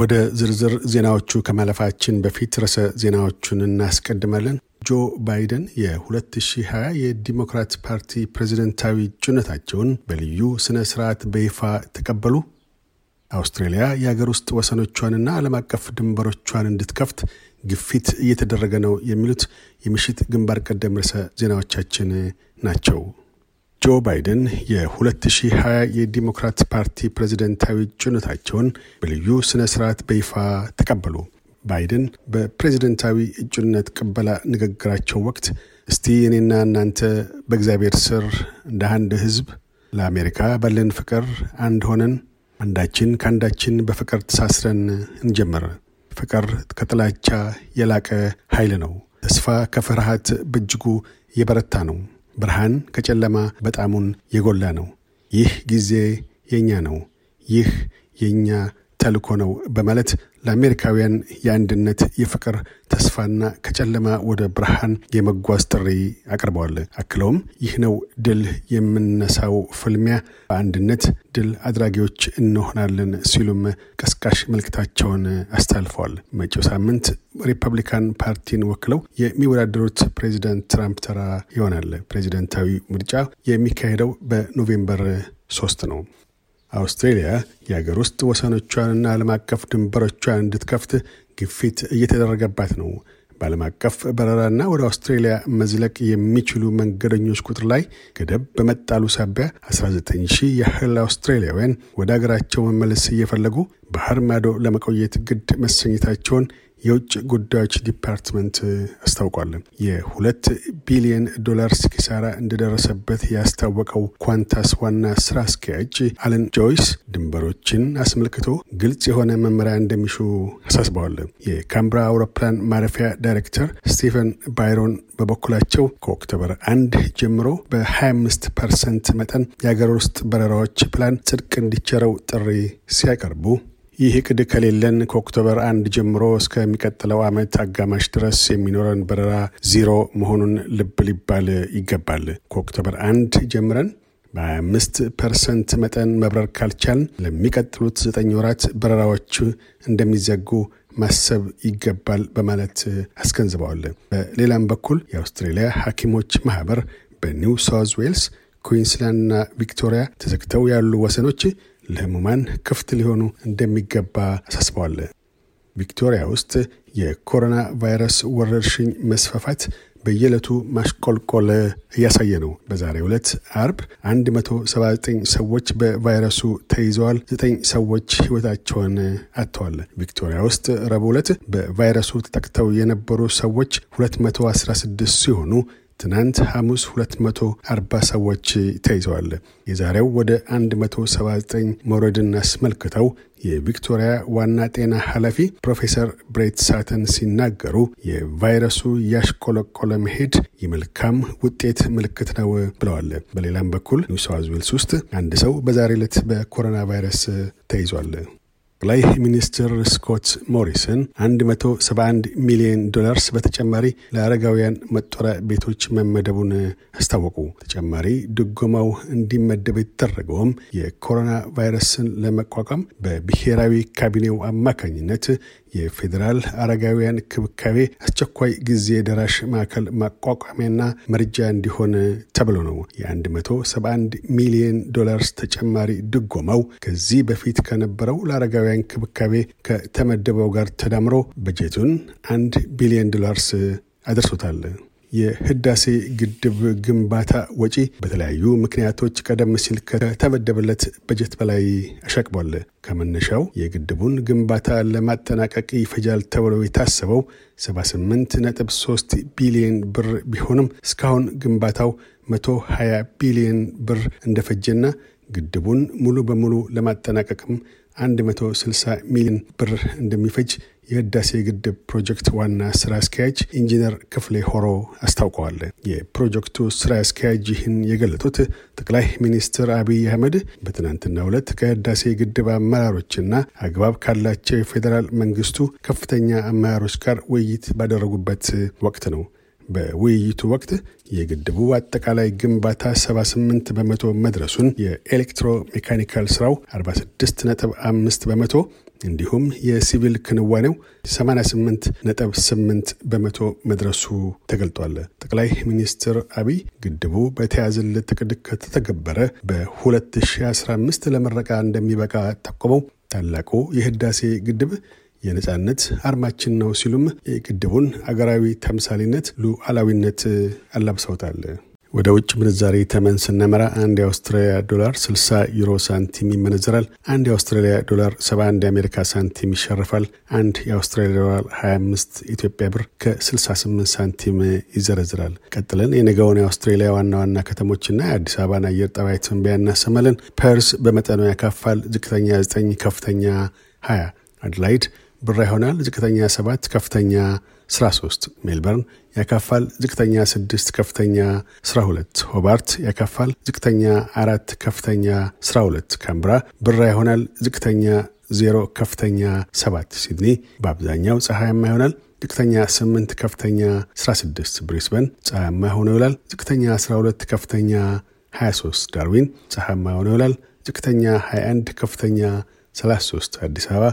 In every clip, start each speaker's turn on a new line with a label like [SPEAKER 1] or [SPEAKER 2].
[SPEAKER 1] ወደ ዝርዝር ዜናዎቹ ከማለፋችን በፊት ርዕሰ ዜናዎቹን እናስቀድማለን። ጆ ባይደን የ2020 የዲሞክራት ፓርቲ ፕሬዝደንታዊ እጩነታቸውን በልዩ ስነ ስርዓት በይፋ ተቀበሉ። አውስትሬልያ የሀገር ውስጥ ወሰኖቿንና ዓለም አቀፍ ድንበሮቿን እንድትከፍት ግፊት እየተደረገ ነው የሚሉት የምሽት ግንባር ቀደም ርዕሰ ዜናዎቻችን ናቸው። ጆ ባይደን የ2020 የዲሞክራት ፓርቲ ፕሬዝደንታዊ እጩነታቸውን በልዩ ስነ ስርዓት በይፋ ተቀበሉ። ባይደን በፕሬዝደንታዊ እጩነት ቅበላ ንግግራቸው ወቅት እስቲ እኔና እናንተ በእግዚአብሔር ስር እንደ አንድ ህዝብ ለአሜሪካ ባለን ፍቅር አንድ ሆነን አንዳችን ከአንዳችን በፍቅር ተሳስረን እንጀምር። ፍቅር ከጥላቻ የላቀ ኃይል ነው። ተስፋ ከፍርሃት በእጅጉ የበረታ ነው። ብርሃን ከጨለማ በጣሙን የጎላ ነው። ይህ ጊዜ የእኛ ነው። ይህ የእኛ ተልእኮ ነው በማለት ለአሜሪካውያን የአንድነት፣ የፍቅር ተስፋና ከጨለማ ወደ ብርሃን የመጓዝ ጥሪ አቅርበዋል። አክለውም ይህ ነው ድል የምነሳው ፍልሚያ፣ በአንድነት ድል አድራጊዎች እንሆናለን ሲሉም ቀስቃሽ መልክታቸውን አስተልፈዋል። መጪው ሳምንት ሪፐብሊካን ፓርቲን ወክለው የሚወዳደሩት ፕሬዚደንት ትራምፕ ተራ ይሆናል። ፕሬዚደንታዊ ምርጫ የሚካሄደው በኖቬምበር ሶስት ነው። አውስትሬልያ የአገር ውስጥ ወሰኖቿንና ዓለም አቀፍ ድንበሮቿን እንድትከፍት ግፊት እየተደረገባት ነው። በዓለም አቀፍ በረራና ወደ አውስትሬልያ መዝለቅ የሚችሉ መንገደኞች ቁጥር ላይ ገደብ በመጣሉ ሳቢያ 19 ያህል አውስትሬልያውያን ወደ አገራቸው መመለስ እየፈለጉ ባህር ማዶ ለመቆየት ግድ መሰኘታቸውን የውጭ ጉዳዮች ዲፓርትመንት አስታውቋል። የሁለት ቢሊዮን ዶላርስ ኪሳራ እንደደረሰበት ያስታወቀው ኳንታስ ዋና ስራ አስኪያጅ አለን ጆይስ ድንበሮችን አስመልክቶ ግልጽ የሆነ መመሪያ እንደሚሹ አሳስበዋል። የካምብራ አውሮፕላን ማረፊያ ዳይሬክተር ስቲፈን ባይሮን በበኩላቸው ከኦክቶበር አንድ ጀምሮ በ25 ፐርሰንት መጠን የአገር ውስጥ በረራዎች ፕላን ጽድቅ እንዲቸረው ጥሪ ሲያቀርቡ ይህ እቅድ ከሌለን ከኦክቶበር አንድ ጀምሮ እስከሚቀጥለው ዓመት አጋማሽ ድረስ የሚኖረን በረራ ዜሮ መሆኑን ልብ ሊባል ይገባል። ከኦክቶበር አንድ ጀምረን በአምስት ፐርሰንት መጠን መብረር ካልቻል ለሚቀጥሉት ዘጠኝ ወራት በረራዎቹ እንደሚዘጉ ማሰብ ይገባል በማለት አስገንዝበዋል። በሌላም በኩል የአውስትሬልያ ሐኪሞች ማህበር በኒው ሳውዝ ዌልስ፣ ኩዊንስላንድና ቪክቶሪያ ተዘግተው ያሉ ወሰኖች ለህሙማን ክፍት ሊሆኑ እንደሚገባ አሳስበዋል። ቪክቶሪያ ውስጥ የኮሮና ቫይረስ ወረርሽኝ መስፋፋት በየዕለቱ ማሽቆልቆል እያሳየ ነው። በዛሬ ዕለት አርብ 179 ሰዎች በቫይረሱ ተይዘዋል። ዘጠኝ ሰዎች ህይወታቸውን አጥተዋል። ቪክቶሪያ ውስጥ ረቡዕ ዕለት በቫይረሱ ተጠቅተው የነበሩ ሰዎች 216 ሲሆኑ ትናንት ሐሙስ 240 ሰዎች ተይዘዋል። የዛሬው ወደ 179 መውረድን አስመልክተው የቪክቶሪያ ዋና ጤና ኃላፊ ፕሮፌሰር ብሬት ሳተን ሲናገሩ የቫይረሱ ያሽቆለቆለ መሄድ የመልካም ውጤት ምልክት ነው ብለዋል። በሌላም በኩል ኒው ዌልስ ውስጥ አንድ ሰው በዛሬ ዕለት በኮሮና ቫይረስ ተይዟል። ጠቅላይ ሚኒስትር ስኮት ሞሪሰን 171 ሚሊዮን ዶላርስ በተጨማሪ ለአረጋውያን መጦሪያ ቤቶች መመደቡን አስታወቁ። ተጨማሪ ድጎማው እንዲመደብ የተደረገውም የኮሮና ቫይረስን ለመቋቋም በብሔራዊ ካቢኔው አማካኝነት የፌዴራል አረጋውያን ክብካቤ አስቸኳይ ጊዜ ደራሽ ማዕከል ማቋቋሚያና መርጃ እንዲሆን ተብሎ ነው። የ171 ሚሊዮን ዶላርስ ተጨማሪ ድጎመው ከዚህ በፊት ከነበረው ለአረጋውያን ክብካቤ ከተመደበው ጋር ተዳምሮ በጀቱን አንድ ቢሊዮን ዶላርስ አድርሶታል። የህዳሴ ግድብ ግንባታ ወጪ በተለያዩ ምክንያቶች ቀደም ሲል ከተመደበለት በጀት በላይ አሻቅቧል። ከመነሻው የግድቡን ግንባታ ለማጠናቀቅ ይፈጃል ተብሎ የታሰበው 78.3 ቢሊዮን ብር ቢሆንም እስካሁን ግንባታው 120 ቢሊዮን ብር እንደፈጀና ግድቡን ሙሉ በሙሉ ለማጠናቀቅም 160 ሚሊዮን ብር እንደሚፈጅ የህዳሴ ግድብ ፕሮጀክት ዋና ስራ አስኪያጅ ኢንጂነር ክፍሌ ሆሮ አስታውቀዋል። የፕሮጀክቱ ስራ አስኪያጅ ይህን የገለጡት ጠቅላይ ሚኒስትር አብይ አህመድ በትናንትናው ዕለት ከህዳሴ ግድብ አመራሮችና አግባብ ካላቸው የፌዴራል መንግስቱ ከፍተኛ አመራሮች ጋር ውይይት ባደረጉበት ወቅት ነው። በውይይቱ ወቅት የግድቡ አጠቃላይ ግንባታ 78 በመቶ መድረሱን፣ የኤሌክትሮ ሜካኒካል ስራው 46.5 በመቶ እንዲሁም የሲቪል ክንዋኔው 88 ነጥብ 8 በመቶ መድረሱ ተገልጧል። ጠቅላይ ሚኒስትር አብይ ግድቡ በተያዘለት እቅድ ከተተገበረ በ2015 ለምረቃ እንደሚበቃ ጠቁመው ታላቁ የህዳሴ ግድብ የነጻነት አርማችን ነው ሲሉም የግድቡን አገራዊ ተምሳሌነት ሉዓላዊነት አላብሰውታል። ወደ ውጭ ምንዛሪ ተመን ስነመራ አንድ የአውስትራሊያ ዶላር 60 ዩሮ ሳንቲም ይመነዘራል። አንድ የአውስትራሊያ ዶላር 71 የአሜሪካ ሳንቲም ይሸርፋል። አንድ የአውስትራሊያ ዶላር 25 ኢትዮጵያ ብር ከ68 ሳንቲም ይዘረዝራል። ቀጥለን የነገውን የአውስትራሊያ ዋና ዋና ከተሞችና የአዲስ አበባን አየር ጠባይ ትንበያ እናሰማለን። ፐርስ በመጠኑ ያካፋል። ዝቅተኛ 9፣ ከፍተኛ 20። አድላይድ ብራ ይሆናል። ዝቅተኛ 7፣ ከፍተኛ ስራ 3 ሜልበርን ያካፋል ዝቅተኛ 6 ከፍተኛ ስራ 2 ሆባርት ያካፋል ዝቅተኛ 4 ከፍተኛ ስራ2 ካምብራ ብራ ይሆናል ዝቅተኛ 0 ከፍተኛ 7 ሲድኒ በአብዛኛው ፀሐያማ ይሆናል ዝቅተኛ 8 ከፍተኛ 16 ብሪስበን ፀሐያማ ሆኖ ይውላል ዝቅተኛ 12 ከፍተኛ 23 ዳርዊን ፀሐያማ ሆኖ ይውላል ዝቅተኛ 21 ከፍተኛ 33 አዲስ አበባ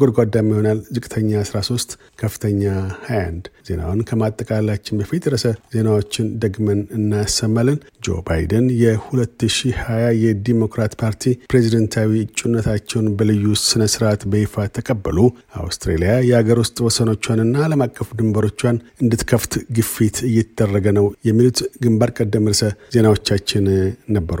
[SPEAKER 1] ጎድጓዳም ይሆናል። ዝቅተኛ 13፣ ከፍተኛ 21። ዜናውን ከማጠቃላችን በፊት ረዕሰ ዜናዎችን ደግመን እናሰማለን። ጆ ባይደን የ2020 የዲሞክራት ፓርቲ ፕሬዚደንታዊ እጩነታቸውን በልዩ ስነ ስርዓት በይፋ ተቀበሉ። አውስትሬሊያ የአገር ውስጥ ወሰኖቿንና ዓለም አቀፍ ድንበሮቿን እንድትከፍት ግፊት እየተደረገ ነው። የሚሉት ግንባር ቀደም ርዕሰ ዜናዎቻችን ነበሩ።